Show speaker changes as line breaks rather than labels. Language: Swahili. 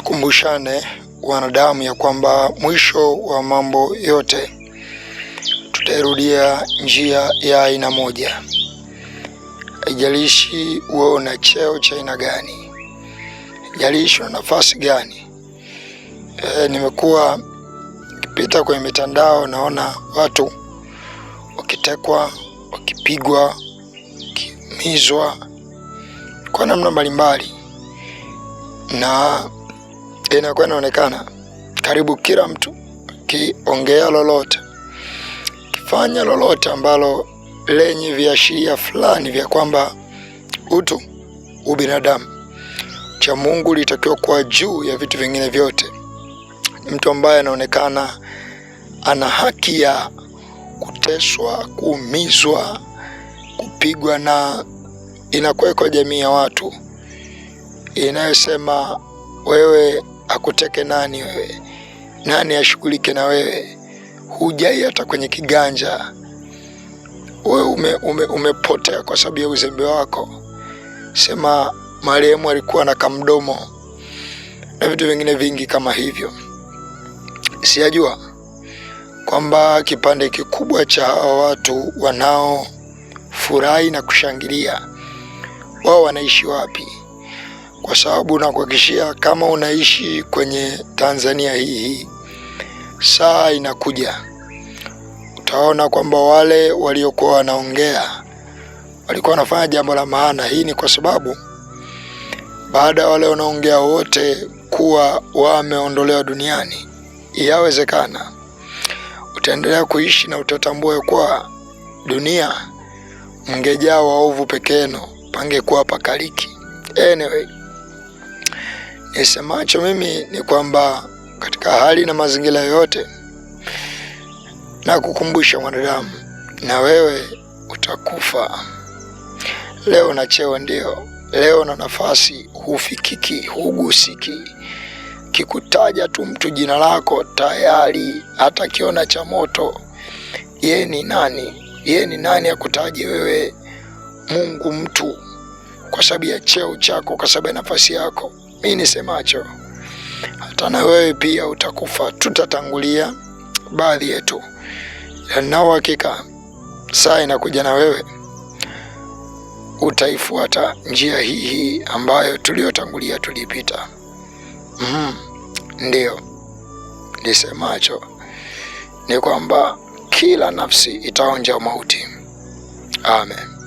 tukumbushane wanadamu ya kwamba mwisho wa mambo yote tutairudia njia ya aina moja. Haijalishi uwe una cheo cha aina gani, haijalishi una nafasi gani. E, nimekuwa nikipita kwenye mitandao naona watu wakitekwa, wakipigwa, wakimizwa kwa namna mbalimbali na inakuwa inaonekana karibu kila mtu kiongea lolote, kifanya lolote ambalo lenye viashiria fulani vya kwamba utu ubinadamu cha Mungu litakiwa kuwa juu ya vitu vingine vyote, mtu ambaye anaonekana ana haki ya kuteswa, kuumizwa, kupigwa, na kwa jamii ya watu inayosema wewe akuteke nani wewe? Nani ashughulike na wewe? Hujai hata kwenye kiganja. Wewe ume, ume, umepotea kwa sababu ya uzembe wako. Sema marehemu alikuwa na kamdomo na vitu vingine vingi kama hivyo. Siyajua kwamba kipande kikubwa cha hawa watu wanaofurahi na kushangilia wao wanaishi wapi? kwa sababu nakuhakikishia, kama unaishi kwenye Tanzania hii hii, saa inakuja utaona kwamba wale waliokuwa wanaongea walikuwa wanafanya jambo la maana. Hii ni kwa sababu baada ya wale wanaongea wote kuwa wameondolewa duniani, yawezekana utaendelea kuishi na utatambua kwa dunia mngejaa waovu pekeno, pangekuwa pakaliki. Anyway. Nisemacho mimi ni kwamba katika hali na mazingira yote, na kukumbusha mwanadamu, na wewe utakufa. Leo una cheo ndio, leo na nafasi, hufikiki, hugusiki. Kikutaja tu mtu jina lako tayari, hata kiona cha moto. Ye ni nani? ye ni nani akutaje wewe, Mungu, mtu, kwa sababu ya cheo chako, kwa sababu ya nafasi yako? mi nisemacho, hata na wewe pia utakufa, tutatangulia baadhi yetu, na uhakika saa inakuja na wewe utaifuata njia hii hii ambayo tuliyotangulia tulipita. Mm, ndiyo nisemacho ni kwamba kila nafsi itaonja mauti. Amen.